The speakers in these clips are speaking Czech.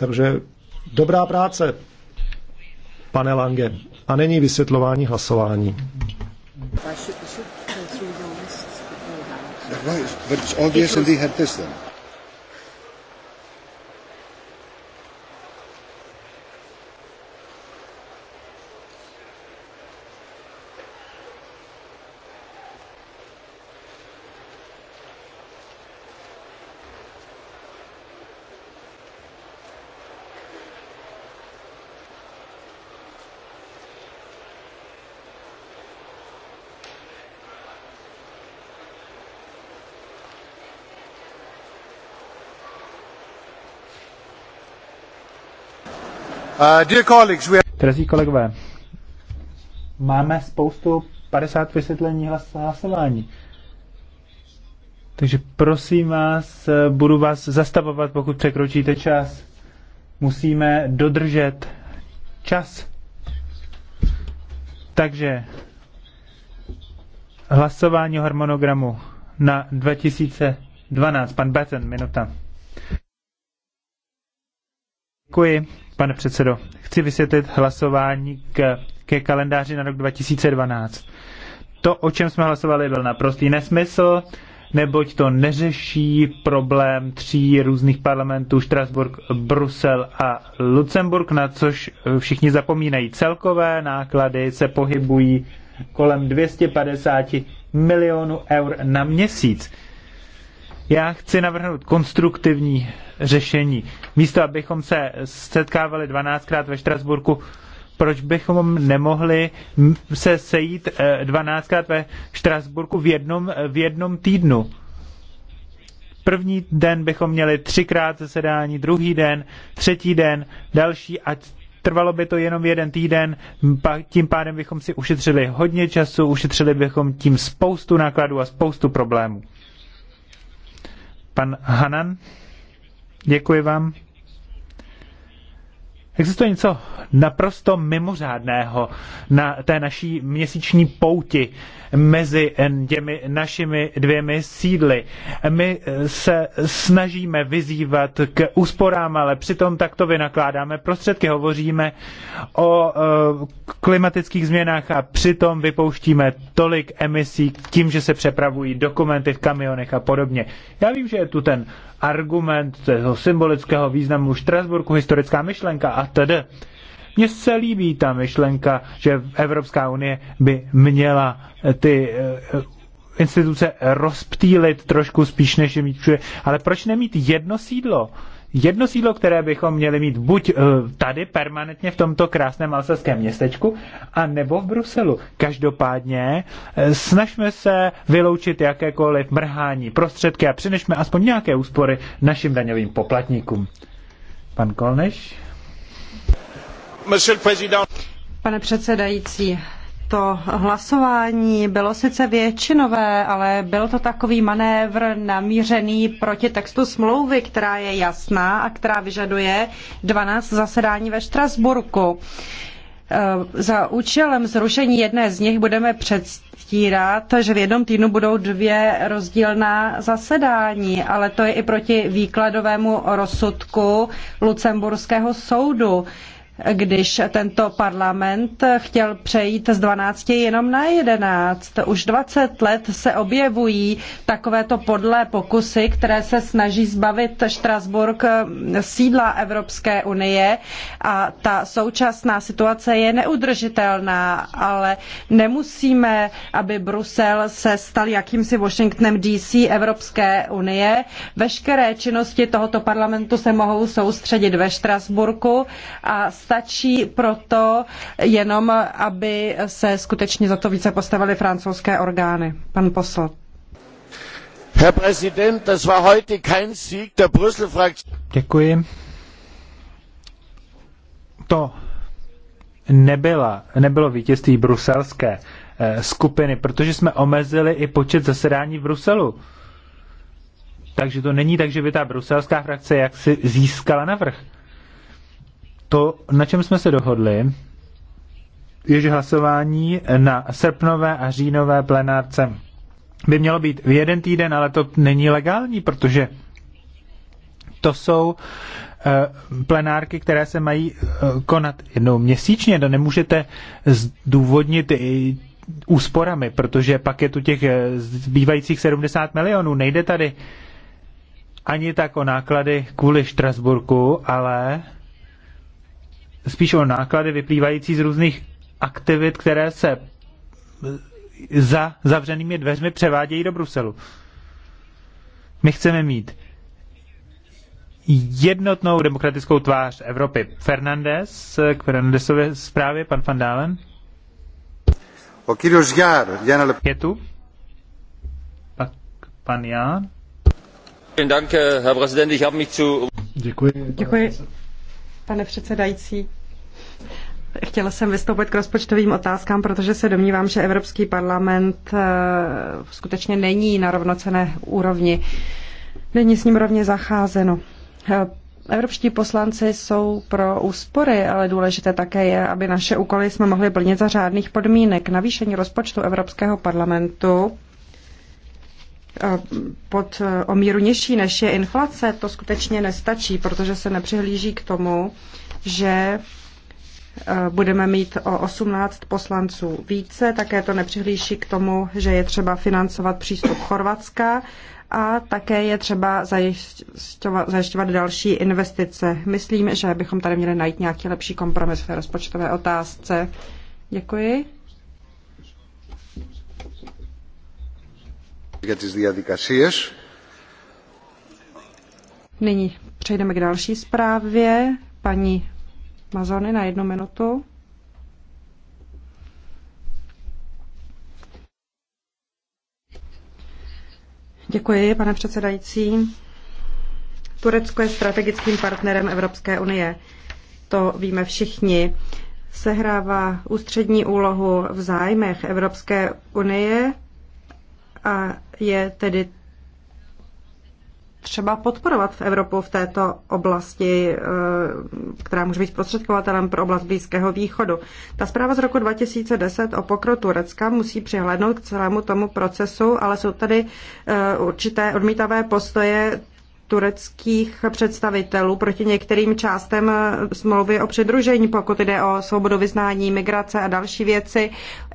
Takže dobrá práce, pane Lange. A není vysvětlování hlasování. But it's obvious and they had this then. Uh, Drazí kolegové, máme spoustu 50 vysvětlení hlasování. Takže prosím vás, budu vás zastavovat, pokud překročíte čas. Musíme dodržet čas. Takže hlasování harmonogramu na 2012. Pan Betten, minuta. Děkuji, pane předsedo. Chci vysvětlit hlasování k, ke kalendáři na rok 2012. To, o čem jsme hlasovali, byl naprostý nesmysl, neboť to neřeší problém tří různých parlamentů Štrasburg, Brusel a Lucemburg, na což všichni zapomínají. Celkové náklady se pohybují kolem 250 milionů eur na měsíc. Já chci navrhnout konstruktivní řešení. Místo, abychom se setkávali 12krát ve Štrasburku, proč bychom nemohli se sejít 12krát eh, ve Štrasburku v jednom, eh, v jednom týdnu? První den bychom měli třikrát zasedání, druhý den, třetí den, další a trvalo by to jenom jeden týden, tím pádem bychom si ušetřili hodně času, ušetřili bychom tím spoustu nákladů a spoustu problémů. Pan Hanan, děkuji vám. Existuje něco naprosto mimořádného na té naší měsíční pouti mezi eh, těmi našimi dvěmi sídly. My eh, se snažíme vyzývat k úsporám, ale přitom takto vynakládáme prostředky. Hovoříme o eh, klimatických změnách a přitom vypouštíme tolik emisí tím, že se přepravují dokumenty v kamionech a podobně. Já vím, že je tu ten argument toho symbolického významu Štrasburku, historická myšlenka a tedy. Mně se líbí ta myšlenka, že Evropská unie by měla eh, ty eh, instituce rozptýlit trošku spíš, než je mít Ale proč nemít jedno sídlo? jedno sídlo, které bychom měli mít buď eh, tady permanentně v tomto krásném alsaském městečku, a nebo v Bruselu. Každopádně eh, snažme se vyloučit jakékoliv mrhání prostředky a přinešme aspoň nějaké úspory našim daňovým poplatníkům. Pan Kolneš? Pane předsedající, to hlasování bylo sice většinové, ale byl to takový manévr namířený proti textu smlouvy, která je jasná a která vyžaduje 12 zasedání ve Štrasburku. E, za účelem zrušení jedné z nich budeme předstírat, že v jednom týdnu budou dvě rozdílná zasedání, ale to je i proti výkladovému rozsudku Lucemburského soudu když tento parlament chtěl přejít z 12 jenom na 11. Už 20 let se objevují takovéto podlé pokusy, které se snaží zbavit Štrasburg sídla Evropské unie a ta současná situace je neudržitelná, ale nemusíme, aby Brusel se stal jakýmsi Washingtonem DC Evropské unie. Veškeré činnosti tohoto parlamentu se mohou soustředit ve Štrasburku a Stačí proto jenom, aby se skutečně za to více postavily francouzské orgány. Pan posl. Herr Präsident, das war heute kein Sieg der Brüssel-Fraktion. Děkuji. To nebyla, nebylo vítězství bruselské eh, skupiny, protože jsme omezili i počet zasedání v Bruselu. Takže to není tak, že by ta bruselská frakce jaksi získala navrh. To, na čem jsme se dohodli, je, že hlasování na srpnové a říjnové plenárce by mělo být v jeden týden, ale to není legální, protože to jsou eh, plenárky, které se mají eh, konat jednou měsíčně. To nemůžete zdůvodnit i úsporami, protože pak je tu těch eh, zbývajících 70 milionů. Nejde tady ani tak o náklady kvůli Štrasburku, ale spíš o náklady vyplývající z různých aktivit, které se za zavřenými dveřmi převádějí do Bruselu. My chceme mít jednotnou demokratickou tvář Evropy. Fernandez, k Fernandesově zprávě, pan Van Dalen. Je tu? Pak pan Jan. Děkuji. Děkuji pane předsedající. Chtěla jsem vystoupit k rozpočtovým otázkám, protože se domnívám, že Evropský parlament eh, skutečně není na rovnocené úrovni. Není s ním rovně zacházeno. Eh, evropští poslanci jsou pro úspory, ale důležité také je, aby naše úkoly jsme mohli plnit za řádných podmínek. Navýšení rozpočtu Evropského parlamentu Eh, pod eh, o míru nižší než je inflace, to skutečně nestačí, protože se nepřihlíží k tomu, že eh, budeme mít o 18 poslanců více, také to nepřihlíží k tomu, že je třeba financovat přístup Chorvatska a také je třeba zajišťovat, zajišťovat další investice. Myslím, že bychom tady měli najít nějaký lepší kompromis v rozpočtové otázce. Děkuji. Nyní přejdeme k další zprávě. Paní Mazony na jednu minutu. Děkuji, pane předsedající. Turecko je strategickým partnerem Evropské unie. To víme všichni. Sehrává ústřední úlohu v zájmech Evropské unie, a je tedy třeba podporovat v Evropu v této oblasti, eh, která může být prostředkovatelem pro oblast Blízkého východu. Ta zpráva z roku 2010 o pokro Turecka musí přihlédnout k celému tomu procesu, ale jsou tady eh, určité odmítavé postoje tureckých představitelů proti některým částem eh, smlouvy o přidružení, pokud jde o svobodu vyznání, migrace a další věci,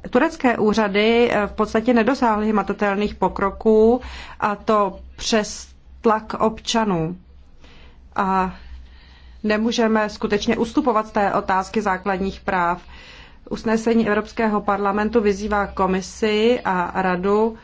Turecké úřady eh, v podstatě nedosáhly hmatatelných pokroků a to přes tlak občanů. A nemůžeme skutečně ustupovat z té otázky základních práv. Usnesení Evropského parlamentu vyzývá komisi a radu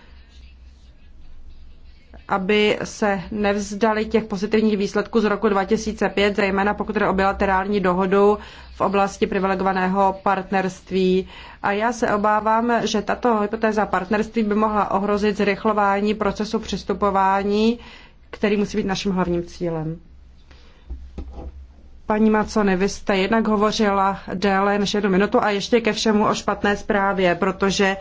aby se nevzdali těch pozitivních výsledků z roku 2005, zejména pokud jde o bilaterální dohodu v oblasti privilegovaného partnerství. A já se obávám, že tato hypotéza partnerství by mohla ohrozit zrychlování procesu přistupování, který musí být naším hlavním cílem. Paní Macony, vy jste jednak hovořila déle než jednu minutu a ještě ke všemu o špatné zprávě, protože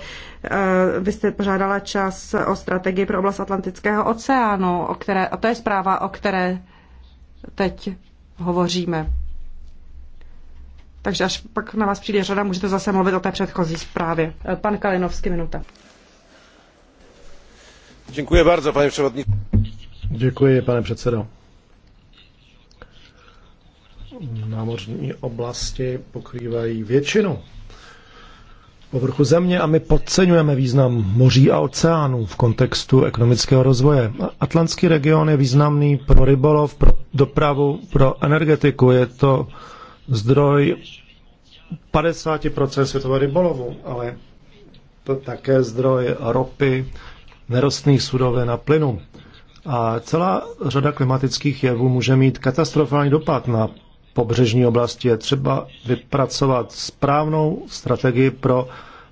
uh, vy jste požádala čas o strategii pro oblast Atlantického oceánu, o které, a to je zpráva, o které teď hovoříme. Takže až pak na vás přijde řada, můžete zase mluvit o té předchozí zprávě. Eh, pan Kalinovský, minuta. Děkuji bardzo, pane předsedo. Děkuji, pane předsedo námořní oblasti pokrývají většinu povrchu země a my podceňujeme význam moří a oceánů v kontextu ekonomického rozvoje. Atlantský region je významný pro rybolov, pro dopravu, pro energetiku. Je to zdroj 50% světové rybolovu, ale to také zdroj ropy, nerostných sudové na plynu. A celá řada klimatických jevů může mít katastrofální dopad na pobřežní oblasti je třeba vypracovat správnou strategii pro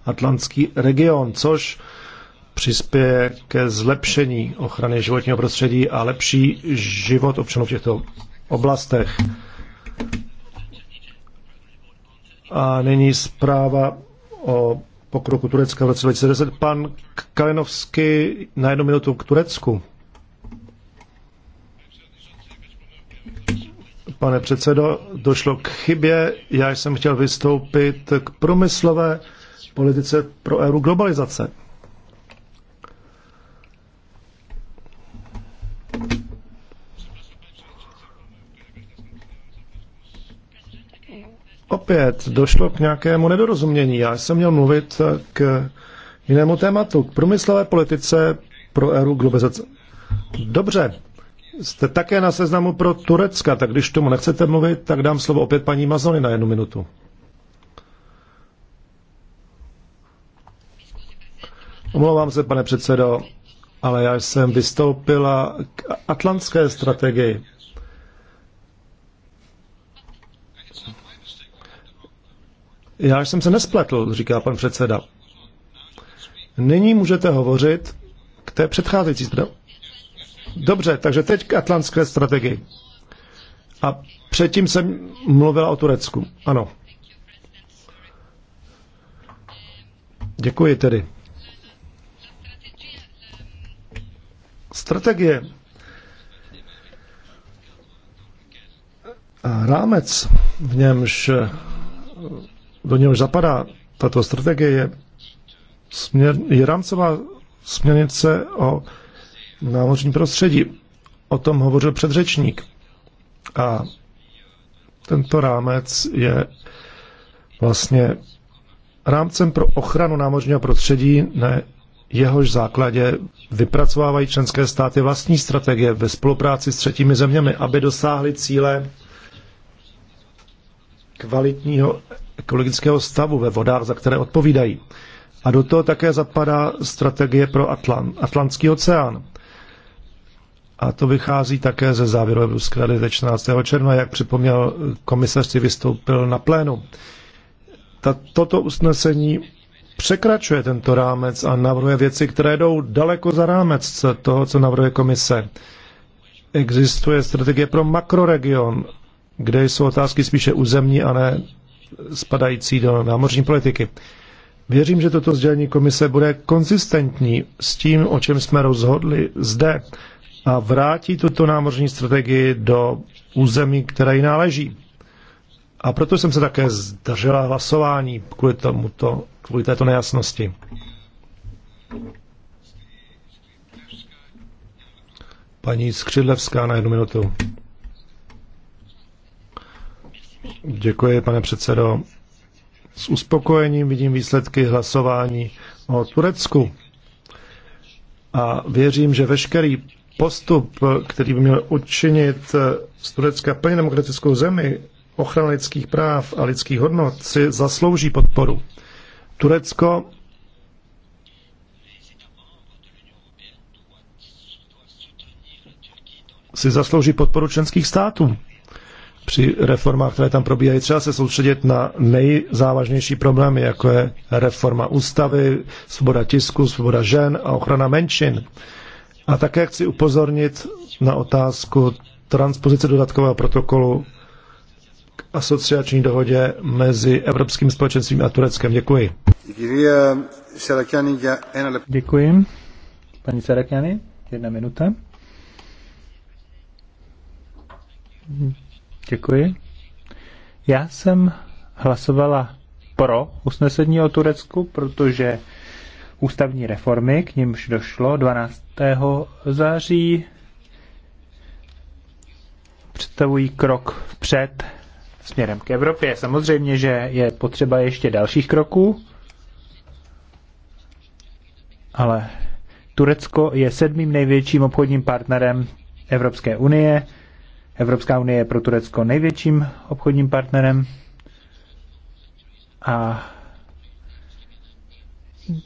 atlantský region, což přispěje ke zlepšení ochrany životního prostředí a lepší život občanů v těchto oblastech. A nyní zpráva o pokroku Turecka v roce 2010. Pan Kalinovský na jednu minutu k Turecku. pane předsedo. Došlo k chybě. Já jsem chtěl vystoupit k průmyslové politice pro éru globalizace. Opět došlo k nějakému nedorozumění. Já jsem měl mluvit k jinému tématu, k průmyslové politice pro éru globalizace. Dobře, jste také na seznamu pro Turecka, tak když tomu nechcete mluvit, tak dám slovo opět paní Mazony na jednu minutu. Omlouvám se, pane předsedo, ale já jsem vystoupila k atlantské strategii. Já jsem se nespletl, říká pan předseda. Nyní můžete hovořit k té předcházející Dobře, takže teď k atlantské strategii. A předtím jsem mluvila o Turecku. Ano. Děkuji tedy. Strategie a rámec, v němž do něhož zapadá tato strategie, je, směr, je rámcová směrnice o námořní prostředí. O tom hovořil předřečník. A tento rámec je vlastně rámcem pro ochranu námořního prostředí, na jehož základě vypracovávají členské státy vlastní strategie ve spolupráci s třetími zeměmi, aby dosáhly cíle kvalitního ekologického stavu ve vodách, za které odpovídají. A do toho také zapadá strategie pro Atlant, Atlantský oceán. A to vychází také ze závěru Evropské rady ze 14. června, jak připomněl komisař, si vystoupil na plénu. Toto usnesení překračuje tento rámec a navrhuje věci, které jdou daleko za rámec toho, co navrhuje komise. Existuje strategie pro makroregion, kde jsou otázky spíše územní a ne spadající do námořní politiky. Věřím, že toto sdělení komise bude konzistentní s tím, o čem jsme rozhodli zde a vrátí tuto námořní strategii do území, které jí náleží. A proto jsem se také zdržela hlasování kvůli, tomuto, kvůli této nejasnosti. Paní Skřidlevská na jednu minutu. Děkuji, pane předsedo. S uspokojením vidím výsledky hlasování o Turecku a věřím, že veškerý postup, který by měl učinit z Turecka plně demokratickou zemi, ochrana lidských práv a lidských hodnot si zaslouží podporu. Turecko si zaslouží podporu členských států. Při reformách, které tam probíhají, třeba se soustředit na nejzávažnější problémy, jako je reforma ústavy, svoboda tisku, svoboda žen a ochrana menšin. A také chci upozornit na otázku transpozice dodatkového protokolu k asociační dohodě mezi Evropským společenstvím a Tureckem. Děkuji. Děkuji. Paní Serakiany, jedna minuta. Děkuji. Já jsem hlasovala pro usnesení o Turecku, protože ústavní reformy, k nímž došlo 12. září. Představují krok vpřed směrem k Evropě. Samozřejmě, že je potřeba ještě dalších kroků, ale Turecko je sedmým největším obchodním partnerem Evropské unie. Evropská unie je pro Turecko největším obchodním partnerem a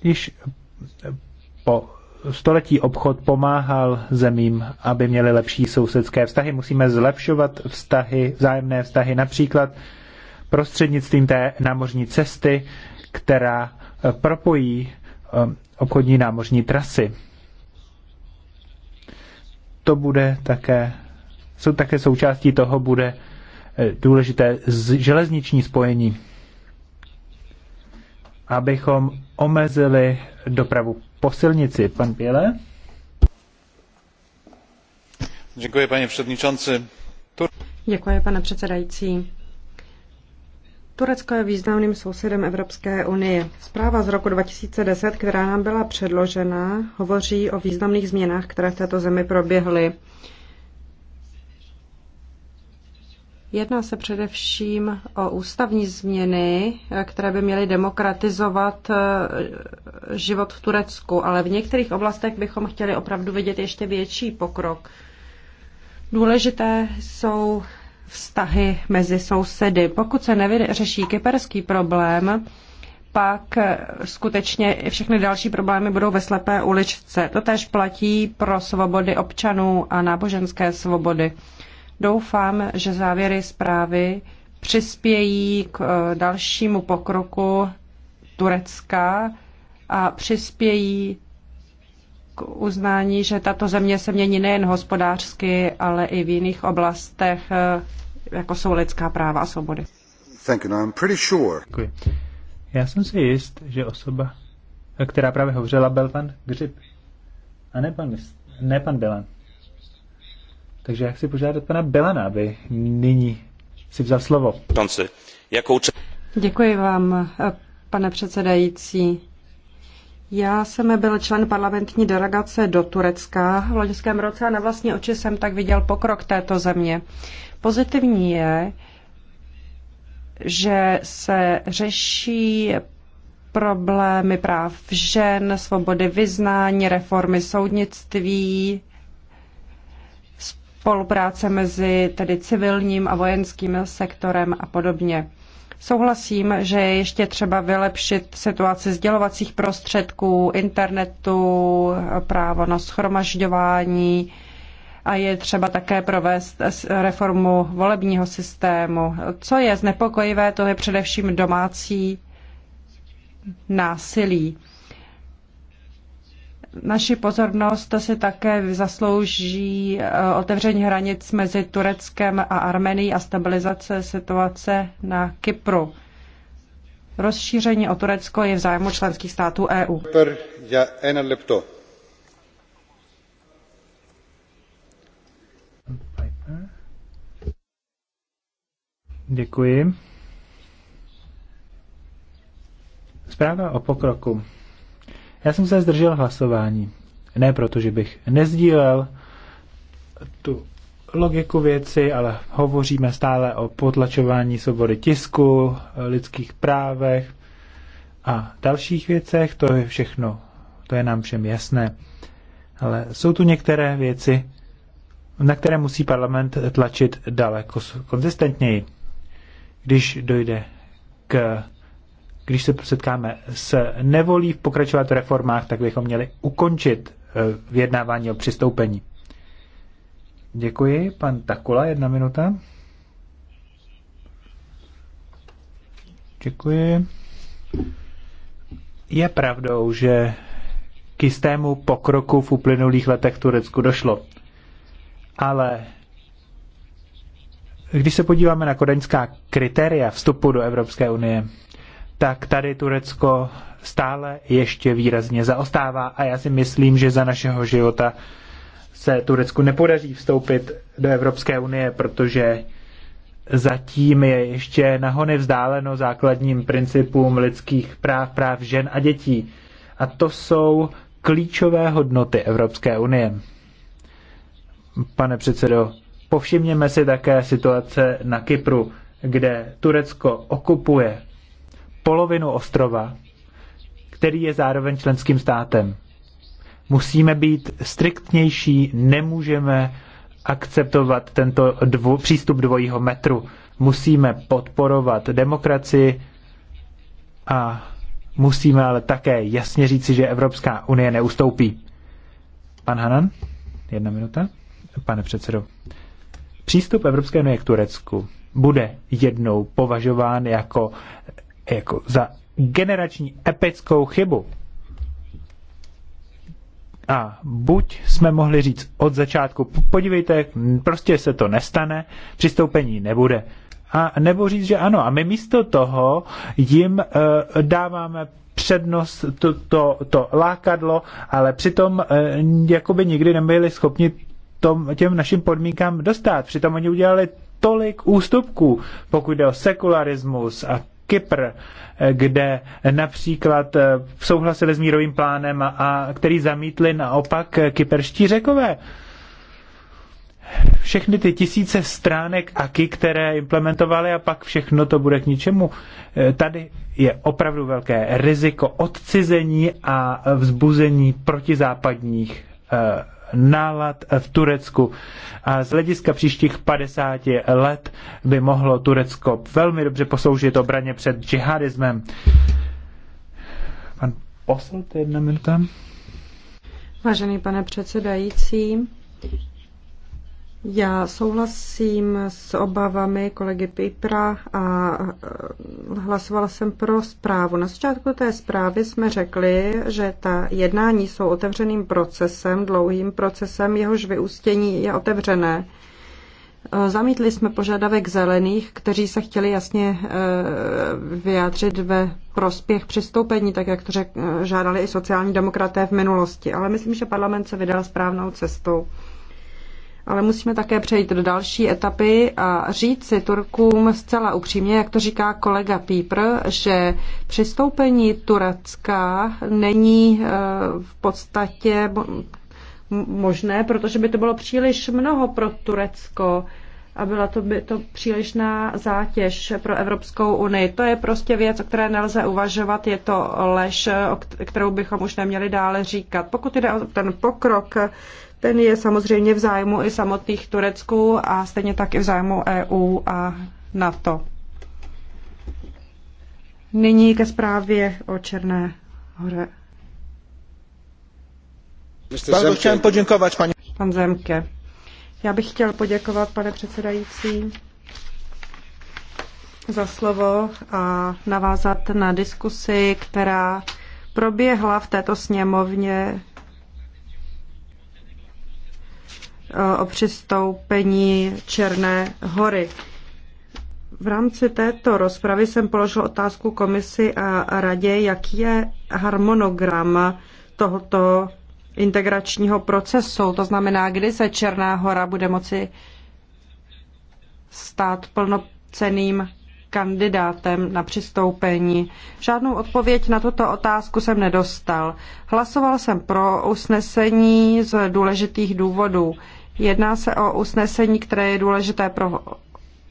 již po století obchod pomáhal zemím, aby měly lepší sousedské vztahy. Musíme zlepšovat vztahy, vzájemné vztahy, například prostřednictvím té námořní cesty, která eh, propojí eh, obchodní námořní trasy. To bude také, jsou také součástí toho bude eh, důležité železniční spojení abychom omezili dopravu po silnici. Pan Pěle. Děkuji, pane Tur- Děkuji, pane předsedající. Turecko je významným sousedem Evropské unie. Zpráva z roku 2010, která nám byla předložena, hovoří o významných změnách, které v této zemi proběhly. Jedná se především o ústavní změny, které by měly demokratizovat eh, život v Turecku, ale v některých oblastech bychom chtěli opravdu vidět ještě větší pokrok. Důležité jsou vztahy mezi sousedy. Pokud se nevyřeší kyperský problém, pak eh, skutečně všechny další problémy budou ve slepé uličce. To tež platí pro svobody občanů a náboženské svobody. Doufám, že závěry zprávy přispějí k eh, dalšímu pokroku Turecka a přispějí k uznání, že tato země se mění nejen hospodářsky, ale i v jiných oblastech, eh, jako jsou lidská práva a svobody. Thank you, no, I'm pretty sure. Děkuji. Já jsem si jist, že osoba, která právě hovřela, byl pan Grip. A ne pan, ne pan Bilan. Takže já chci požádat pana Belana, aby nyní si vzal slovo. Děkuji vám, pane předsedající. Já jsem byl člen parlamentní delegace do Turecka v loňském roce a na vlastní oči jsem tak viděl pokrok této země. Pozitivní je, že se řeší problémy práv žen, svobody vyznání, reformy soudnictví, spolupráce mezi tedy civilním a vojenským sektorem a podobně. Souhlasím, že je ještě třeba vylepšit situaci sdělovacích prostředků, internetu, právo na schromažďování a je třeba také provést reformu volebního systému. Co je znepokojivé, to je především domácí násilí. Naši pozornost si také zaslouží eh, otevření hranic mezi Tureckem a Armenií a stabilizace situace na Kypru. Rozšíření o Turecko je v zájmu členských států EU. Děkuji. Zpráva o pokroku já jsem se zdržel hlasování. Ne proto, že bych nezdílel tu logiku věci, ale hovoříme stále o potlačování svobody tisku, lidských právech a dalších věcech. To je všechno, to je nám všem jasné. Ale jsou tu některé věci, na které musí parlament tlačit daleko konzistentněji. Když dojde k když se setkáme s nevolí pokračovat v reformách, tak bychom měli ukončit eh, vyjednávání o přistoupení. Děkuji. Pan Takula, jedna minuta. Děkuji. Je pravdou, že k jistému pokroku v uplynulých letech v Turecku došlo. Ale když se podíváme na kodeňská kritéria vstupu do Evropské unie, tak tady Turecko stále ještě výrazně zaostává a já si myslím, že za našeho života se Turecku nepodaří vstoupit do Evropské unie, protože zatím je ještě nahony vzdáleno základním principům lidských práv, práv žen a dětí. A to jsou klíčové hodnoty Evropské unie. Pane předsedo, povšimněme si také situace na Kypru, kde Turecko okupuje polovinu ostrova, který je zároveň členským státem. Musíme být striktnější, nemůžeme akceptovat tento dvo, přístup dvojího metru. Musíme podporovat demokracii a musíme ale také jasně říci, že Evropská unie neustoupí. Pan Hanan, jedna minuta. Pane předsedo, přístup Evropské unie k Turecku bude jednou považován jako jako za generační epickou chybu. A buď jsme mohli říct od začátku, podívejte, prostě se to nestane, přistoupení nebude. A nebo říct, že ano. A my místo toho jim e, dáváme přednost to, to, to lákadlo, ale přitom e, jakoby nikdy nebyli schopni tom, těm našim podmínkám dostat. Přitom oni udělali tolik ústupků, pokud jde o sekularismus a Kypr, kde například eh, souhlasili s mírovým plánem, a, a který zamítli naopak kyperští řekové všechny ty tisíce stránek AKI, které implementovali a pak všechno to bude k ničemu. Eh, tady je opravdu velké riziko odcizení a vzbuzení protizápadních eh, nálad v Turecku. A z hlediska příštích 50 let by mohlo Turecko velmi dobře posloužit obraně před džihadismem. Pan posel, to jedna minuta. Vážený pane předsedající, já souhlasím s obavami kolegy Pipra a hlasovala jsem pro zprávu. Na začátku té zprávy jsme řekli, že ta jednání jsou otevřeným procesem, dlouhým procesem, jehož vyústění je otevřené. Zamítli jsme požadavek zelených, kteří se chtěli jasně e, vyjádřit ve prospěch přistoupení, tak jak to řek, e, žádali i sociální demokraté v minulosti. Ale myslím, že parlament se vydal správnou cestou ale musíme také přejít do další etapy a říct si Turkům zcela upřímně, jak to říká kolega Pípr, že přistoupení Turecka není eh, v podstatě možné, protože by to bylo příliš mnoho pro Turecko a byla to by to přílišná zátěž pro Evropskou unii. To je prostě věc, o které nelze uvažovat, je to lež, kterou bychom už neměli dále říkat. Pokud jde o ten pokrok ten je samozřejmě v zájmu i samotných Turecku a stejně tak i v zájmu EU a NATO. Nyní ke zprávě o Černé hore. Bardzo chciałem podziękować pani. Pan Zemke. Já bych chtěl poděkovat, pane předsedající, za slovo a navázat na diskusi, která proběhla v této sněmovně Eh, o přistoupení Černé hory. V rámci této rozpravy jsem položil otázku komisi a radě, jaký je harmonogram tohoto integračního procesu. To znamená, kdy se Černá hora bude moci stát plnoceným kandidátem na přistoupení. Žádnou odpověď na tuto otázku jsem nedostal. Hlasoval jsem pro usnesení z důležitých důvodů. Jedná se o usnesení, které je důležité pro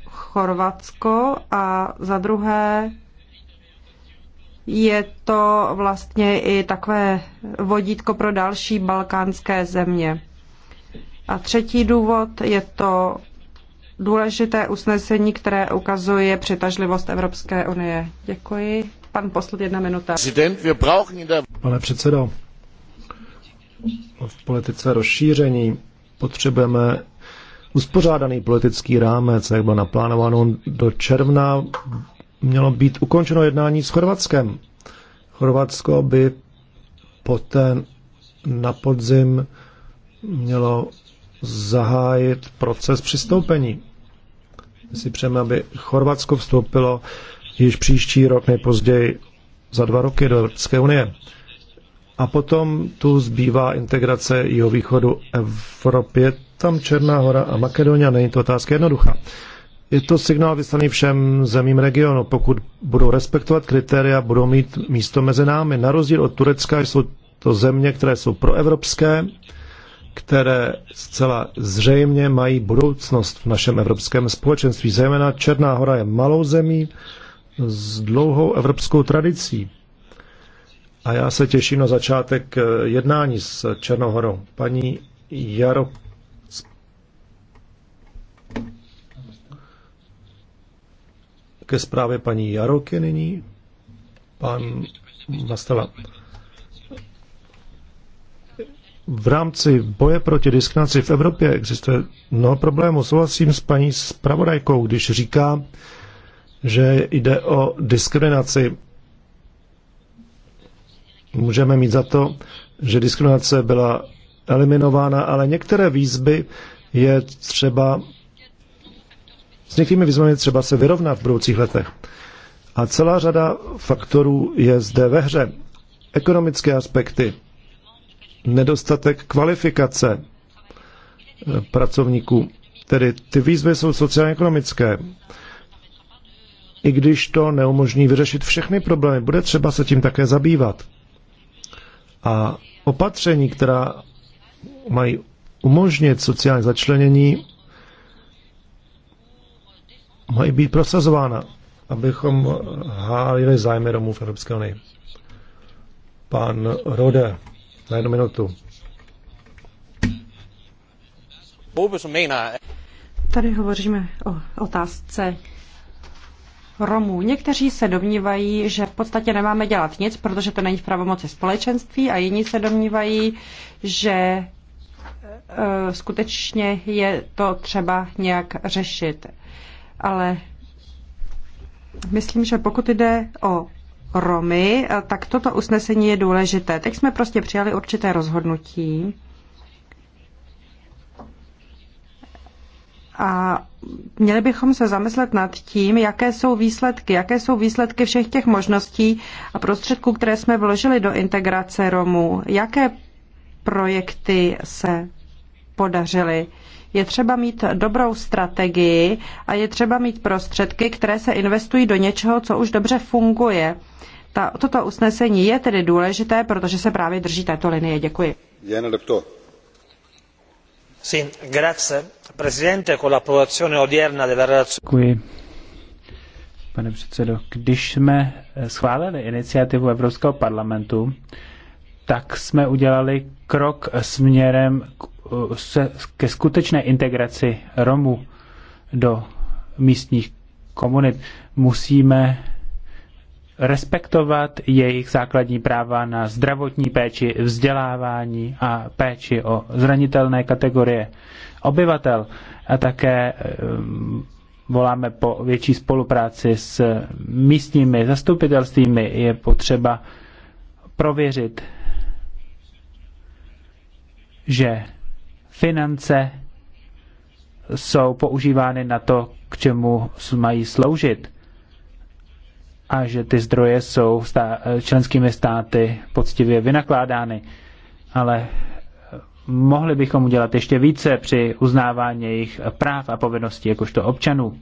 Chorvatsko a za druhé je to vlastně i takové vodítko pro další balkánské země. A třetí důvod je to důležité usnesení, které ukazuje přitažlivost Evropské unie. Děkuji. Pan posl. jedna minuta. Pane předsedo, v politice rozšíření potřebujeme uspořádaný politický rámec, jak bylo naplánováno do června, mělo být ukončeno jednání s Chorvatskem. Chorvatsko by poté na podzim mělo zahájit proces přistoupení. My si přejeme, aby Chorvatsko vstoupilo již příští rok nejpozději za dva roky do Evropské unie. A potom tu zbývá integrace jeho východu Evropě, tam Černá hora a Makedonia, není to otázka jednoduchá. Je to signál vyslaný všem zemím regionu. Pokud budou respektovat kritéria, budou mít místo mezi námi. Na rozdíl od Turecka jsou to země, které jsou proevropské, které zcela zřejmě mají budoucnost v našem evropském společenství. Zejména Černá hora je malou zemí s dlouhou evropskou tradicí a já se těším na začátek eh, jednání s Černohorou. Paní Jaro... Ke zprávě paní Jaroky nyní. Pan Mastela. V rámci boje proti diskriminaci v Evropě existuje mnoho problémů. Souhlasím s paní spravodajkou, když říká, že jde o diskriminaci můžeme mít za to, že diskriminace byla eliminována, ale některé výzvy je třeba, s některými výzvami třeba se vyrovnat v budoucích letech. A celá řada faktorů je zde ve hře. Ekonomické aspekty, nedostatek kvalifikace eh, pracovníků, tedy ty výzvy jsou sociálně-ekonomické. I když to neumožní vyřešit všechny problémy, bude třeba se tím také zabývat. A opatření, která mají umožnit sociální začlenění, mají být prosazována, abychom hájili zájmy Romů v Evropské unii. Pan Rode, na jednu minutu. Tady hovoříme o otázce Romů. Někteří se domnívají, že v podstatě nemáme dělat nic, protože to není v pravomoci společenství a jiní se domnívají, že e, skutečně je to třeba nějak řešit. Ale myslím, že pokud jde o Romy, e, tak toto usnesení je důležité. Teď jsme prostě přijali určité rozhodnutí a měli bychom se zamyslet nad tím, jaké jsou výsledky, jaké jsou výsledky všech těch možností a prostředků, které jsme vložili do integrace Romů. Jaké projekty se podařily? Je třeba mít dobrou strategii a je třeba mít prostředky, které se investují do něčeho, co už dobře funguje. Ta, toto usnesení je tedy důležité, protože se právě drží této linie. Děkuji. Děkuji. Pane předsedo, když jsme eh, schválili iniciativu Evropského parlamentu, tak jsme udělali krok směrem k, eh, se, ke skutečné integraci Romů do místních komunit. Musíme respektovat jejich základní práva na zdravotní péči, vzdělávání a péči o zranitelné kategorie obyvatel a také ehm, voláme po větší spolupráci s místními zastupitelstvími. Je potřeba prověřit, že finance jsou používány na to, k čemu mají sloužit a že ty zdroje jsou členskými státy poctivě vynakládány. Ale eh, mohli bychom udělat ještě více při uznávání jejich práv a povinností jakožto občanů.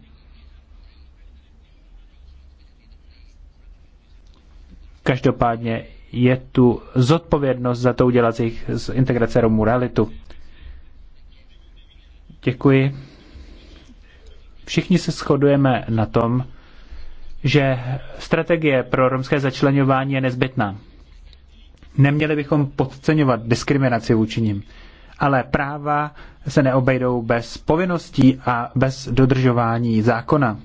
Každopádně je tu zodpovědnost za to udělat z, jejich, z integrace Romů realitu. Děkuji. Všichni se shodujeme na tom, že strategie pro romské začlenování je nezbytná. Neměli bychom podceňovat diskriminaci vůči nim, ale práva se neobejdou bez povinností a bez dodržování zákona.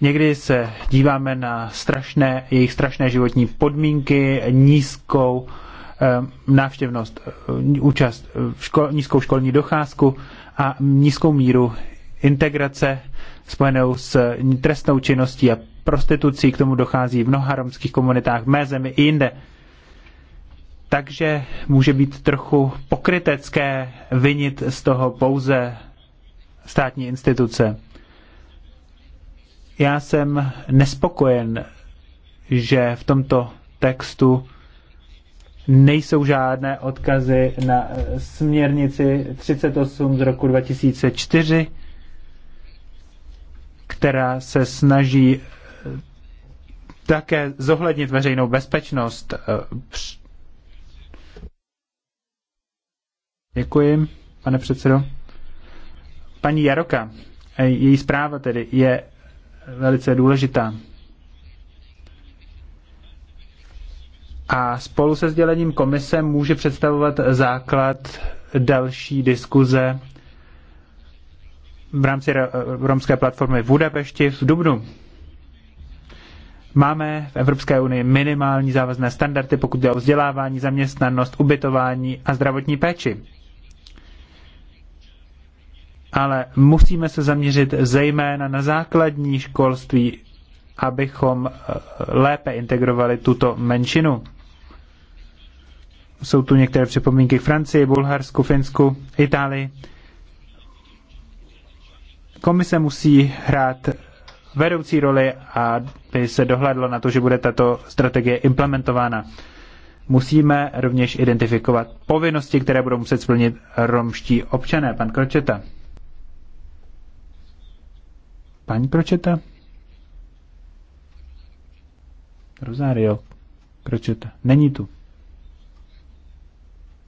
Někdy se díváme na strašné, jejich strašné životní podmínky, nízkou eh, návštěvnost, eh, účast, ško, nízkou školní docházku a nízkou míru integrace spojenou s eh, trestnou činností a prostitucí. K tomu dochází v mnoha romských komunitách, v mé zemi i jinde. Takže může být trochu pokrytecké vinit z toho pouze státní instituce. Já jsem nespokojen, že v tomto textu nejsou žádné odkazy na eh, směrnici 38 z roku 2004, která se snaží eh, také zohlednit veřejnou bezpečnost. Eh, Děkuji, pane předsedo. Paní Jaroka, eh, její zpráva tedy je velice důležitá. A spolu se sdělením komise může představovat základ další diskuze v rámci romské platformy v Budapešti v Dubnu. Máme v Evropské unii minimální závazné standardy, pokud jde o vzdělávání, zaměstnanost, ubytování a zdravotní péči. Ale musíme se zaměřit zejména na základní školství, abychom eh, lépe integrovali tuto menšinu. Jsou tu některé připomínky k Francii, Bulharsku, Finsku, Itálii Komise musí hrát vedoucí roli a by se dohledlo na to, že bude tato strategie implementována. Musíme rovněž identifikovat povinnosti, které budou muset splnit romští občané. Pan Kročeta. Paní Kročeta? Rosario Kročeta. Není tu.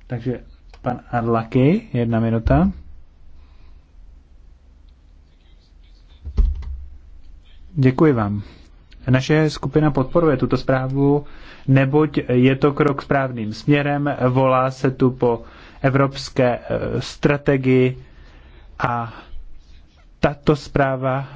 Takže pan Arlaky, jedna minuta. Děkuji vám. Naše skupina podporuje tuto zprávu, neboť je to krok správným směrem, volá se tu po evropské eh, strategii a tato zpráva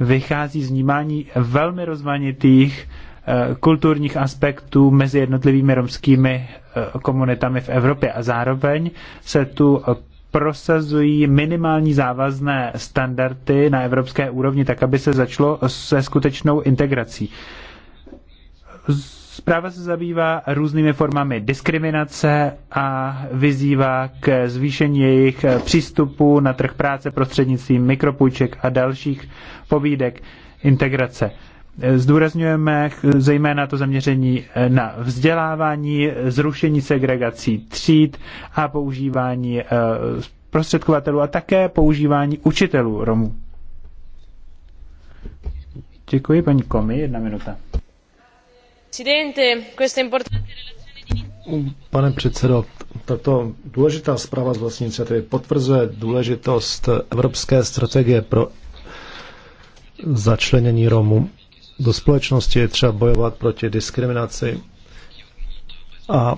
vychází z vnímání velmi rozmanitých eh, kulturních aspektů mezi jednotlivými romskými eh, komunitami v Evropě a zároveň se tu prosazují minimální závazné standardy na evropské úrovni, tak aby se začalo se skutečnou integrací. Zpráva se zabývá různými formami diskriminace a vyzývá k zvýšení jejich přístupu na trh práce prostřednictvím mikropůjček a dalších pobídek integrace. Zdůrazňujeme zejména to zaměření eh, na vzdělávání, zrušení segregací tříd a používání eh, prostředkovatelů a také používání učitelů Romů. Děkuji, paní Komi, jedna minuta. Pane předsedo, tato důležitá zpráva z vlastní iniciativy potvrzuje důležitost Evropské strategie pro začlenění Romů do společnosti, je třeba bojovat proti diskriminaci. A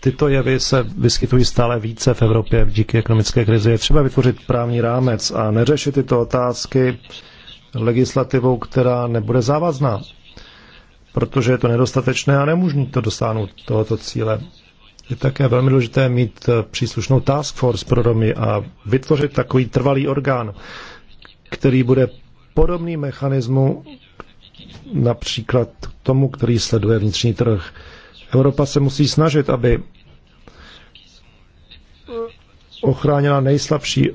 tyto jevy se vyskytují stále více v Evropě díky ekonomické krizi. Je třeba vytvořit právní rámec a neřešit tyto otázky legislativou, která nebude závazná, protože je to nedostatečné a nemůžu to dosáhnout tohoto cíle. Je také velmi důležité mít příslušnou task force pro Romy a vytvořit takový trvalý orgán, který bude podobný mechanismu například tomu, který sleduje vnitřní trh. Evropa se musí snažit, aby ochránila nejslabší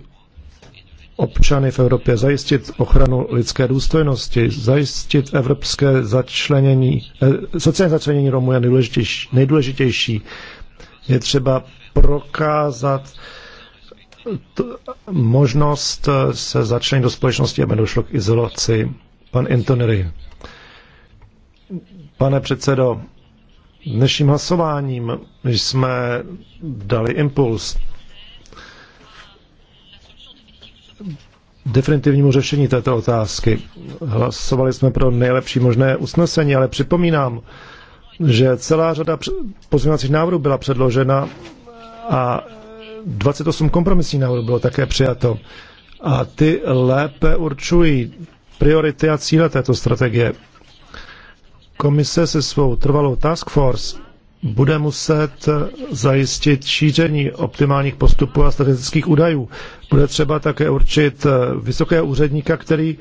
občany v Evropě, zajistit ochranu lidské důstojnosti, zajistit evropské začlenění, eh, sociální začlenění Romů je nejdůležitější. nejdůležitější. Je třeba prokázat možnost eh, se začlenit do společnosti, aby došlo k izolaci. Pan Intonery. Pane předsedo, dnešním hlasováním jsme dali impuls definitivnímu řešení této otázky. Hlasovali jsme pro nejlepší možné usnesení, ale připomínám, že celá řada pozměňovacích návrhů byla předložena a 28 kompromisní návrhů bylo také přijato a ty lépe určují priority a cíle této strategie. Komise se svou trvalou task force bude muset zajistit šíření optimálních postupů a statistických údajů. Bude třeba také určit vysokého úředníka, který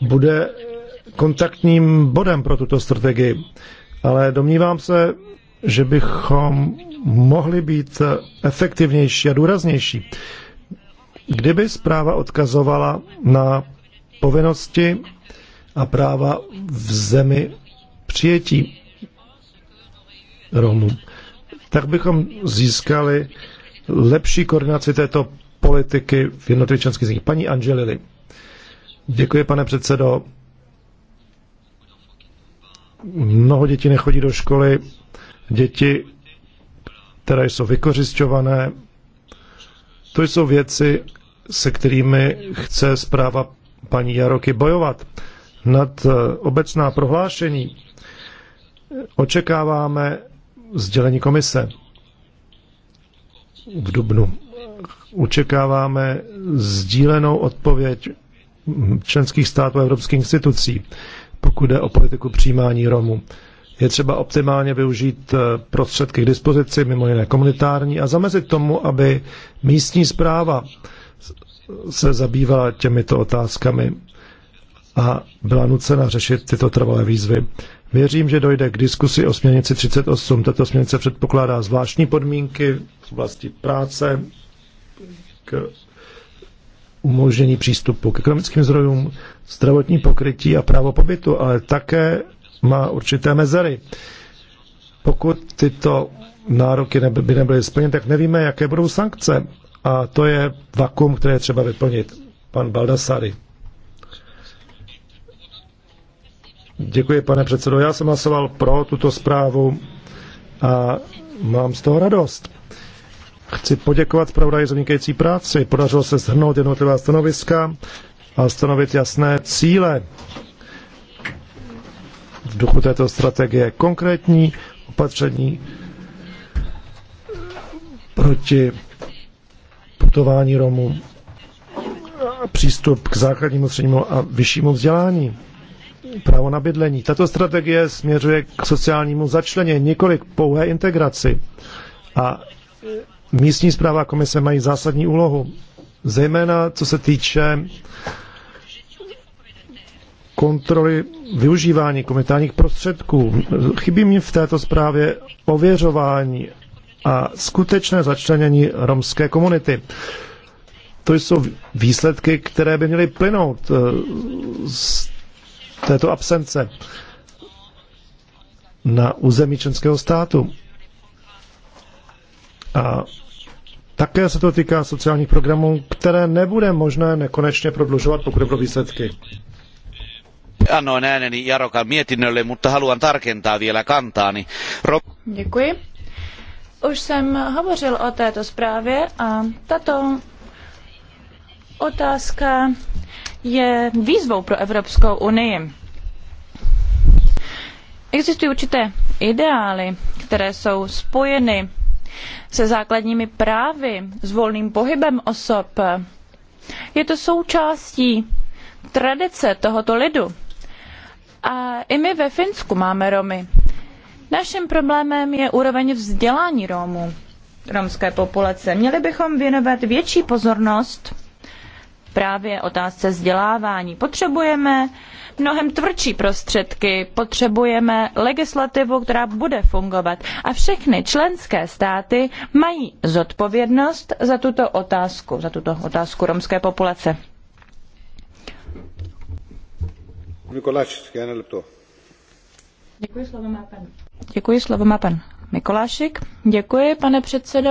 bude kontaktním bodem pro tuto strategii. Ale domnívám se, že bychom mohli být efektivnější a důraznější. Kdyby zpráva odkazovala na povinnosti a práva v zemi přijetí Romů, tak bychom získali lepší koordinaci této politiky v jednotlivých členských zemích. Paní Angelili, děkuji, pane předsedo. Mnoho dětí nechodí do školy děti, které jsou vykořišťované. To jsou věci, se kterými chce zpráva paní Jaroky bojovat. Nad eh, obecná prohlášení očekáváme sdělení komise v Dubnu. Očekáváme sdílenou odpověď členských států a evropských institucí, pokud jde o politiku přijímání Romů je třeba optimálně využít eh, prostředky k dispozici, mimo jiné komunitární, a zamezit tomu, aby místní zpráva se zabývala těmito otázkami a byla nucena řešit tyto trvalé výzvy. Věřím, že dojde k diskusi o směrnici 38. Tato směrnice předpokládá zvláštní podmínky v oblasti práce k umožnění přístupu k ekonomickým zdrojům, zdravotní pokrytí a právo pobytu, ale také má určité mezery. Pokud tyto nároky by nebyly splněny, tak nevíme, jaké budou sankce. A to je vakuum, které je třeba vyplnit. Pan Baldassari. Děkuji, pane předsedo. Já jsem hlasoval pro tuto zprávu a mám z toho radost. Chci poděkovat zpravodaji za vynikající práci. Podařilo se shrnout jednotlivá stanoviska a stanovit jasné cíle duchu této strategie konkrétní opatření proti putování Romů, přístup k základnímu, střednímu a vyššímu vzdělání, právo na bydlení. Tato strategie směřuje k sociálnímu začlenění, nikoli k pouhé integraci. A místní zpráva komise mají zásadní úlohu, zejména co se týče kontroly využívání komunitárních prostředků. Chybí mi v této zprávě ověřování a skutečné začlenění romské komunity. To jsou výsledky, které by měly plynout eh, z této absence na území členského státu. A také se to týká sociálních programů, které nebude možné nekonečně prodlužovat, pokud pro výsledky annoin ääneni Jarokan mietinnölle, mutta haluan tarkentaa vielä kantaani. Děkuji. Už jsem hovořil o této zprávě a tato otázka je výzvou pro Evropskou unii. Existují určité ideály, které jsou spojeny se základními právy, s volným pohybem osob. Je to součástí tradice tohoto lidu. A i my ve Finsku máme Romy. Naším problémem je úroveň vzdělání Romů, romské populace. Měli bychom věnovat větší pozornost právě otázce vzdělávání. Potřebujeme mnohem tvrdší prostředky, potřebujeme legislativu, která bude fungovat. A všechny členské státy mají zodpovědnost za tuto otázku, za tuto otázku romské populace. Mikolášik, Děkuji, slovo Děkuji, slovo má pan Mikolášik. Děkuji, pane předsedo.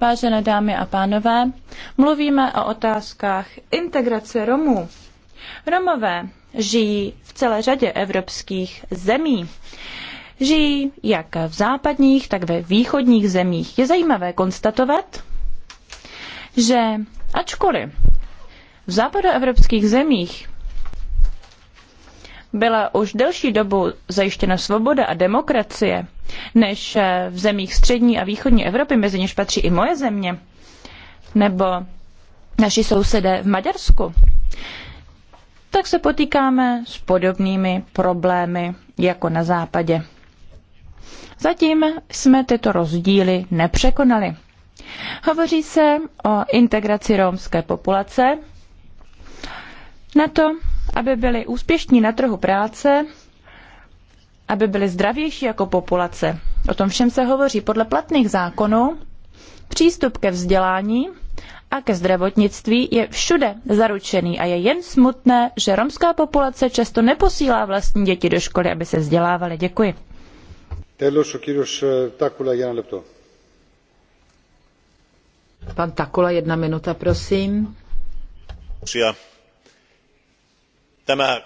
Vážené dámy a pánové, mluvíme o otázkách integrace Romů. Romové žijí v celé řadě evropských zemí. Žijí jak v západních, tak ve východních zemích. Je zajímavé konstatovat, že ačkoliv v západoevropských zemích byla už delší dobu zajištěna svoboda a demokracie, než eh, v zemích střední a východní Evropy, mezi něž patří i moje země, nebo naši sousedé v Maďarsku, tak se potýkáme s podobnými problémy jako na západě. Zatím jsme tyto rozdíly nepřekonali. Hovoří se o integraci romské populace na to, aby byli úspěšní na trhu práce, aby byli zdravější jako populace. O tom všem se hovoří podle platných zákonů. Přístup ke vzdělání a ke zdravotnictví je všude zaručený a je jen smutné, že romská populace často neposílá vlastní děti do školy, aby se vzdělávaly. Děkuji. Eh, Pan Takula, jedna minuta, prosím tämä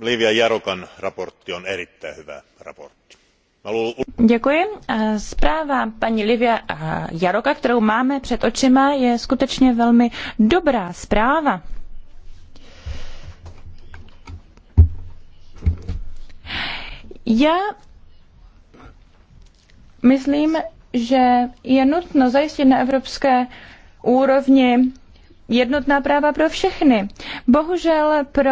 lvia jrkan mietintö on erittäin hyvä mietintö. Eh, zpráva paní Livia eh, jrka kterou máme před očima, je skutečně velmi dobrá zpráva. Já myslím, že je nutno zajistit na evropské úrovni jednotná práva pro všechny. Bohužel pro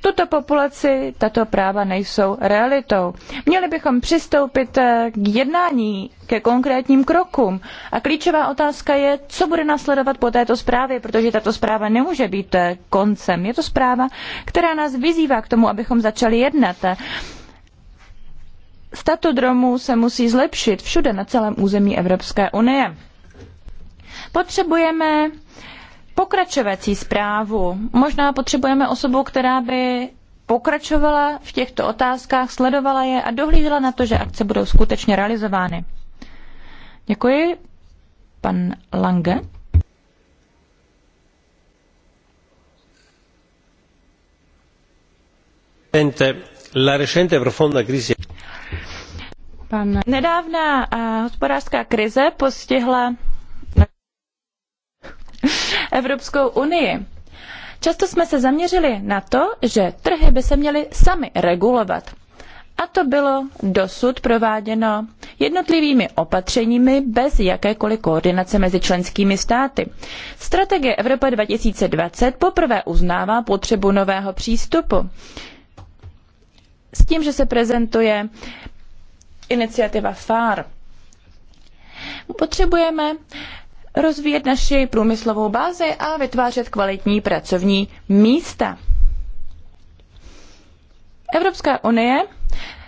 tuto populaci tato práva nejsou realitou. Měli bychom přistoupit eh, k jednání, ke konkrétním krokům. A klíčová otázka je, co bude následovat po této zprávě, protože tato zpráva nemůže být eh, koncem. Je to zpráva, která nás vyzývá k tomu, abychom začali jednat. Statut Romů se musí zlepšit všude na celém území Evropské unie. Potřebujeme pokračovací zprávu. Možná potřebujeme osobu, která by pokračovala v těchto otázkách, sledovala je a dohlížela na to, že akce budou skutečně realizovány. Děkuji. Pan Lange. Pan... Nedávná eh, hospodářská krize postihla Evropskou unii. Často jsme se zaměřili na to, že trhy by se měly sami regulovat. A to bylo dosud prováděno jednotlivými opatřeními bez jakékoliv koordinace mezi členskými státy. Strategie Evropa 2020 poprvé uznává potřebu nového přístupu. S tím, že se prezentuje iniciativa FAR. Potřebujeme rozvíjet naši průmyslovou bázi a vytvářet kvalitní pracovní místa. Evropská unie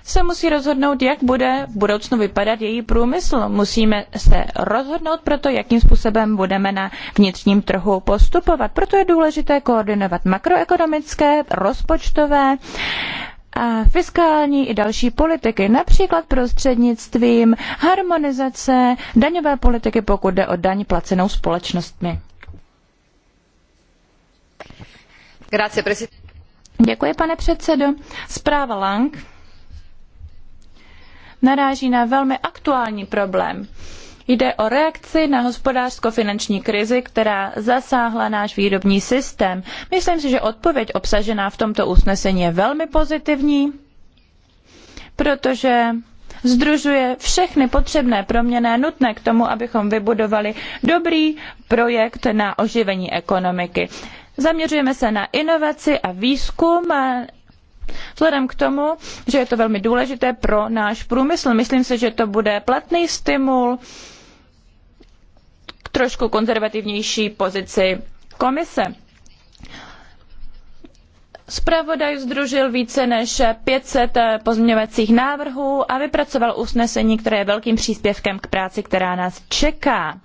se musí rozhodnout, jak bude v budoucnu vypadat její průmysl. Musíme se rozhodnout pro to, jakým způsobem budeme na vnitřním trhu postupovat. Proto je důležité koordinovat makroekonomické, rozpočtové a fiskální i další politiky, například prostřednictvím harmonizace daňové politiky, pokud jde o daň placenou společnostmi. Děkuji, pane předsedo. Zpráva Lang naráží na velmi aktuální problém. Jde o reakci na hospodářsko-finanční krizi, která zasáhla náš výrobní systém. Myslím si, že odpověď obsažená v tomto usnesení je velmi pozitivní, protože združuje všechny potřebné proměny nutné k tomu, abychom vybudovali dobrý projekt na oživení ekonomiky. Zaměřujeme se na inovaci a výzkum, a Vzhledem k tomu, že je to velmi důležité pro náš průmysl, myslím si, že to bude platný stimul trošku konzervativnější pozici komise. Spravodaj združil více než 500 eh, pozměňovacích návrhů a vypracoval usnesení, které je velkým příspěvkem k práci, která nás čeká.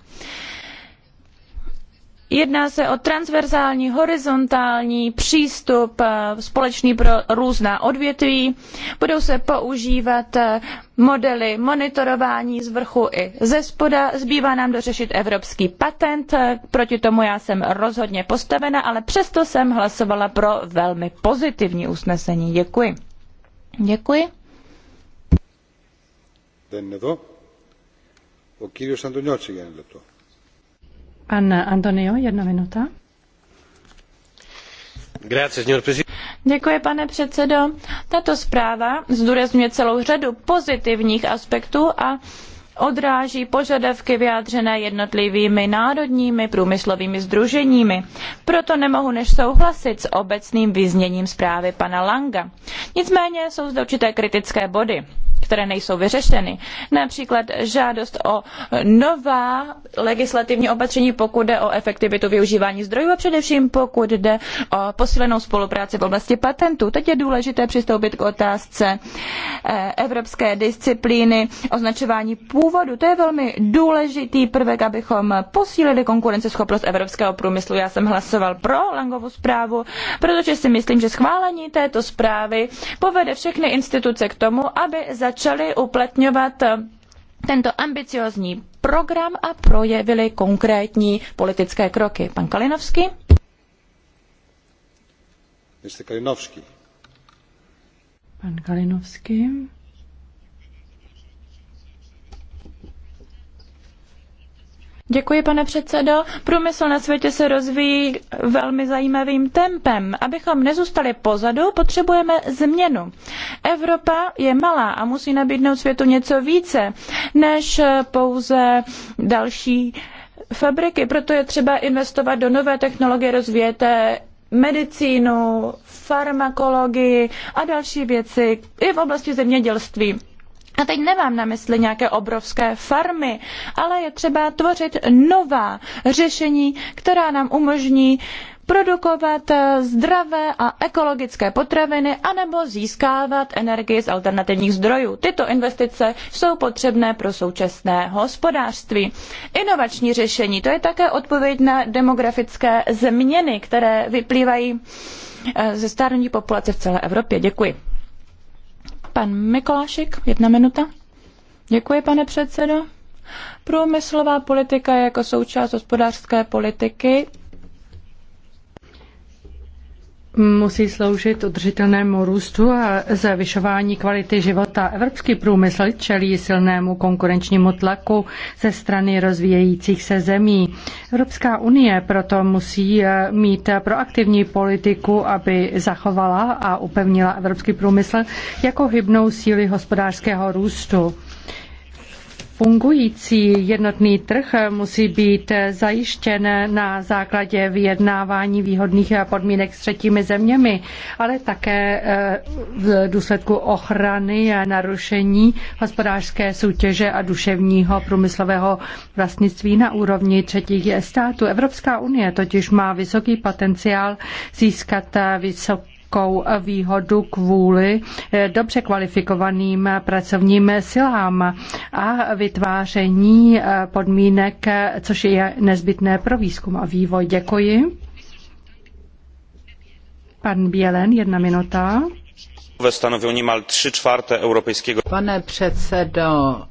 Jedná se o transverzální, horizontální přístup eh, společný pro různá odvětví. Budou se používat eh, modely monitorování z vrchu i ze spoda. Zbývá nám dořešit evropský patent. Eh, proti tomu já jsem rozhodně postavena, ale přesto jsem hlasovala pro velmi pozitivní usnesení. Děkuji. Děkuji. Den nedo. O κύριος Αντωνιώτση για ένα Pan Antonio, jedna minuta. Děkuji, pane předsedo. Tato zpráva zdůrazňuje celou řadu pozitivních aspektů a odráží požadavky vyjádřené jednotlivými národními průmyslovými sdruženími. Proto nemohu než souhlasit s obecným vyzněním zprávy pana Langa. Nicméně jsou zde určité kritické body které nejsou vyřešeny. Například žádost o nová legislativní opatření, pokud jde o efektivitu využívání zdrojů a především pokud jde o posílenou spolupráci v oblasti patentů. Teď je důležité přistoupit k otázce eh, evropské disciplíny označování původu Úvodu, To je velmi důležitý prvek, abychom posílili konkurenceschopnost evropského průmyslu. Já jsem hlasoval pro Langovu zprávu, protože si myslím, že schválení této zprávy povede všechny instituce k tomu, aby začaly uplatňovat eh, tento ambiciózní program a projevili konkrétní politické kroky. Pan Kalinovský. Pan Kalinovský. Děkuji, pane předsedo. Průmysl na světě se rozvíjí velmi zajímavým tempem. Abychom nezůstali pozadu, potřebujeme změnu. Evropa je malá a musí nabídnout světu něco více než pouze další fabriky. Proto je třeba investovat do nové technologie, rozvíjet medicínu, farmakologii a další věci i v oblasti zemědělství. A teď nemám na mysli nějaké obrovské farmy, ale je třeba tvořit nová řešení, která nám umožní produkovat eh, zdravé a ekologické potraviny anebo získávat energii z alternativních zdrojů. Tyto investice jsou potřebné pro současné hospodářství. Inovační řešení to je také odpověď na demografické změny, které vyplývají eh, ze stárnutí populace v celé Evropě. Děkuji. Pan Mikolášik, jedna minuta. Děkuji, pane předsedo. Průmyslová politika je jako součást hospodářské politiky musí sloužit udržitelnému růstu a zvyšování kvality života. Evropský průmysl čelí silnému konkurenčnímu tlaku ze strany rozvíjejících se zemí. Evropská unie proto musí eh, mít proaktivní politiku, aby zachovala a upevnila evropský průmysl jako hybnou síly hospodářského růstu. Fungující jednotný trh musí být zajištěn na základě vyjednávání výhodných podmínek s třetími zeměmi, ale také eh, v důsledku ochrany a narušení hospodářské soutěže a duševního průmyslového vlastnictví na úrovni třetích států. Evropská unie totiž má vysoký potenciál získat eh, vysoké velkou výhodu kvůli eh, dobře kvalifikovaným pracovním silám a vytváření eh, podmínek, což je nezbytné pro výzkum a vývoj. Děkuji. Pan Bělen, jedna minuta. stanovení mal tři čtvrté europejského... Pane předsedo,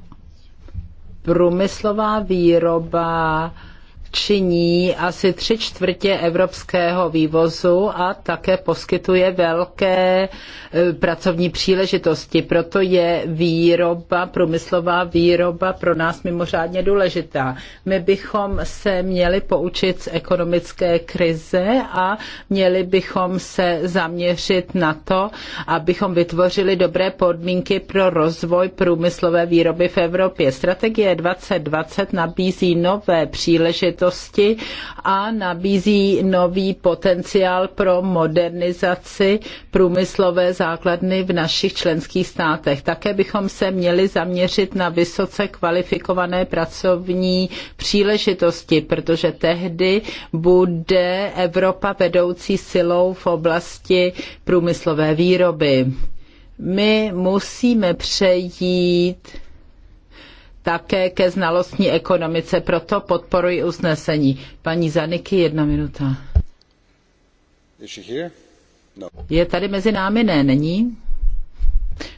průmyslová výroba činí asi tři čtvrtě evropského vývozu a také poskytuje velké e, pracovní příležitosti. Proto je výroba, průmyslová výroba pro nás mimořádně důležitá. My bychom se měli poučit z ekonomické krize a měli bychom se zaměřit na to, abychom vytvořili dobré podmínky pro rozvoj průmyslové výroby v Evropě. Strategie 2020 nabízí nové příležitosti příležitosti a nabízí nový potenciál pro modernizaci průmyslové základny v našich členských státech. Také bychom se měli zaměřit na vysoce kvalifikované pracovní příležitosti, protože tehdy bude Evropa vedoucí silou v oblasti průmyslové výroby. My musíme přejít také ke znalostní ekonomice. Proto podporuji usnesení. Paní Zaniky, jedna minuta. No. Je tady mezi námi? Ne, není.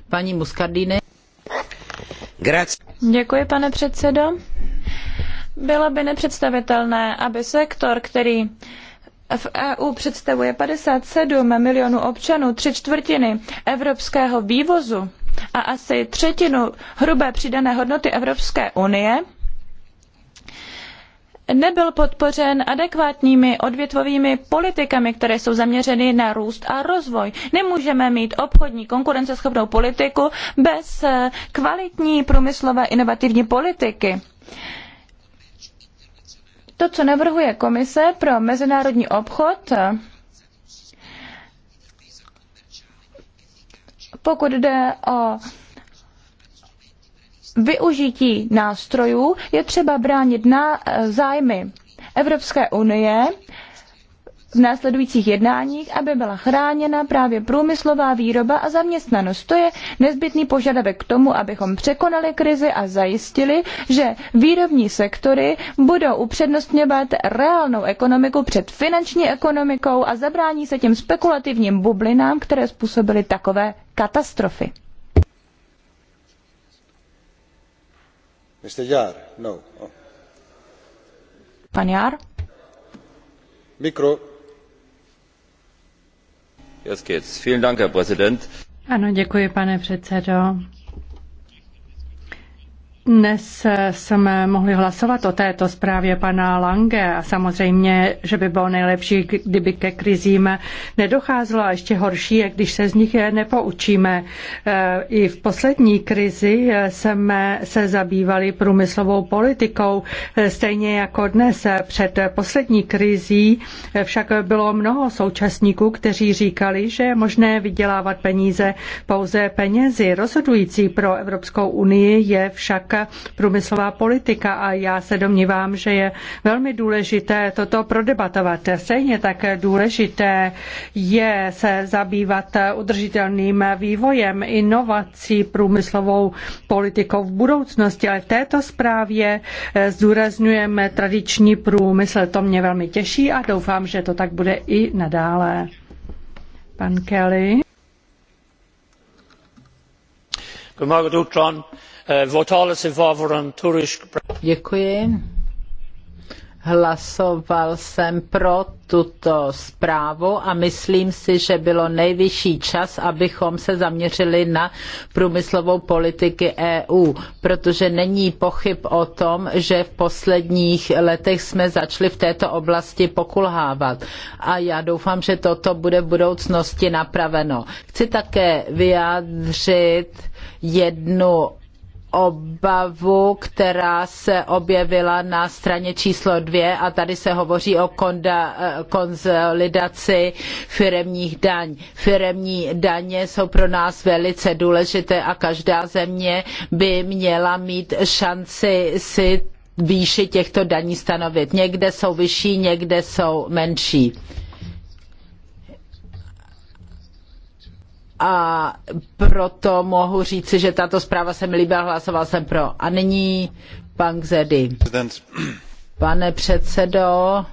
Paní Muscardini. Děkuji, pane předsedo. Bylo by nepředstavitelné, aby sektor, který v EU představuje 57 milionů občanů, tři čtvrtiny evropského vývozu, a asi třetinu hrubé přidané hodnoty Evropské unie, nebyl podpořen adekvátními odvětvovými politikami, které jsou zaměřeny na růst a rozvoj. Nemůžeme mít obchodní konkurenceschopnou politiku bez eh, kvalitní průmyslové inovativní politiky. To, co navrhuje Komise pro mezinárodní obchod, eh, Pokud jde o využití nástrojů, je třeba bránit na e, zájmy Evropské unie, v následujících jednáních, aby byla chráněna právě průmyslová výroba a zaměstnanost. To je nezbytný požadavek k tomu, abychom překonali krizi a zajistili, že výrobní sektory budou upřednostňovat reálnou ekonomiku před finanční ekonomikou a zabrání se těm spekulativním bublinám, které způsobily takové katastrofy. Mr. Jar, no. oh. Pan Jar? Mikro. Ano, děkuji, pane předsedo. Dnes jsme mohli hlasovat o této zprávě pana Lange a samozřejmě, že by bylo nejlepší, kdyby ke krizím nedocházelo a ještě horší je, když se z nich nepoučíme. Eh, I v poslední krizi jsme se zabývali průmyslovou politikou, eh, stejně jako dnes před poslední krizí však bylo mnoho současníků, kteří říkali, že je možné vydělávat peníze pouze penězi. Rozhodující pro Evropskou unii je však průmyslová politika a já se domnívám, že je velmi důležité toto prodebatovat. Stejně tak důležité je se zabývat udržitelným vývojem, inovací, průmyslovou politikou v budoucnosti, ale v této zprávě eh, zdůrazňujeme tradiční průmysl. To mě velmi těší a doufám, že to tak bude i nadále. Pan Kelly. Eh, Děkuji. Hlasoval jsem pro tuto zprávu a myslím si, že bylo nejvyšší čas, abychom se zaměřili na průmyslovou politiku e EU, protože není pochyb o tom, že v posledních letech jsme začali v této oblasti pokulhávat. A já doufám, že toto bude v budoucnosti napraveno. Chci také vyjádřit jednu obavu, která se objevila na straně číslo dvě a tady se hovoří o konda, eh, konzolidaci firemních daň. Firemní daně jsou pro nás velice důležité a každá země by měla mít šanci si výši těchto daní stanovit. Někde jsou vyšší, někde jsou menší. a proto mohu říci, že tato zpráva se mi líbila, hlasoval jsem pro. A nyní pan Zedy. Pane předsedo,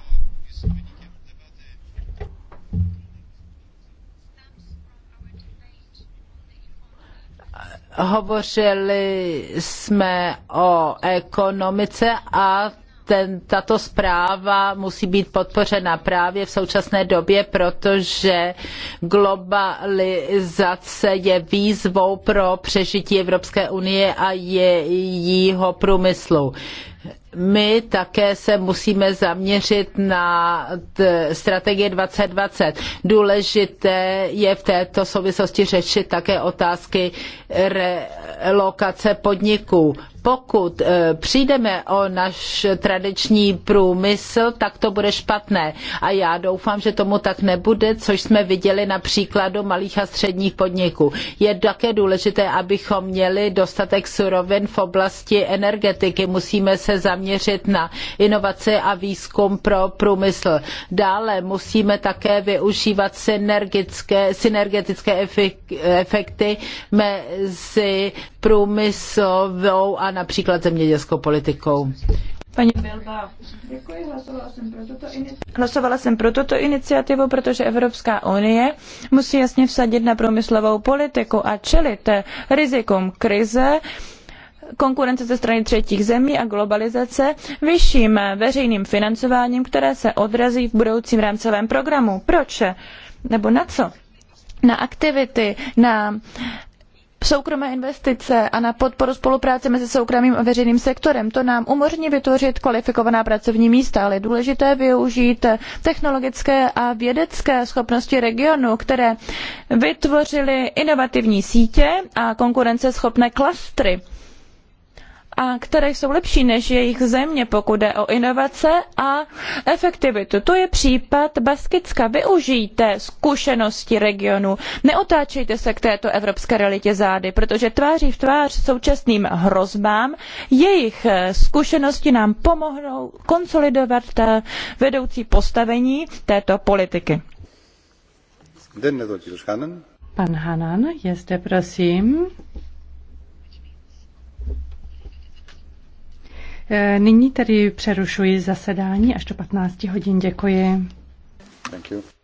hovořili jsme o ekonomice a ten, tato zpráva musí být podpořena právě v současné době, protože globalizace je výzvou pro přežití Evropské unie a jejího průmyslu my také se musíme zaměřit na strategii 2020. Důležité je v této souvislosti řešit také otázky relokace podniků pokud eh, přijdeme o náš tradiční průmysl, tak to bude špatné. A já doufám, že tomu tak nebude, což jsme viděli na příkladu malých a středních podniků. Je také důležité, abychom měli dostatek surovin v oblasti energetiky. Musíme se zaměřit na inovace a výzkum pro průmysl. Dále musíme také využívat synergické, synergetické efekty mezi průmyslovou a například zemědělskou politikou. Paní Bilba, hlasovala Hlasovala jsem pro tuto iniciativu, protože Evropská unie musí jasně vsadit na průmyslovou politiku a čelit rizikům krize, konkurence ze strany třetích zemí a globalizace vyšším veřejným financováním, které se odrazí v budoucím rámcovém programu. Proč? Nebo na co? na aktivity, na soukromé investice a na podporu spolupráce mezi soukromým a veřejným sektorem. To nám umožní vytvořit kvalifikovaná pracovní místa, ale je důležité využít technologické a vědecké schopnosti regionu, které vytvořily inovativní sítě a konkurenceschopné klastry a které jsou lepší než jejich země, pokud jde o inovace a efektivitu. To je případ Baskicka. Využijte zkušenosti regionu. Neotáčejte se k této evropské realitě zády, protože tváří v tvář současným hrozbám jejich eh, zkušenosti nám pomohou konsolidovat vedoucí postavení této politiky. Pan Hanan je zde, prosím. Eh, nyní tedy přerušuji zasedání až do 15 hodin. Děkuji. Thank you.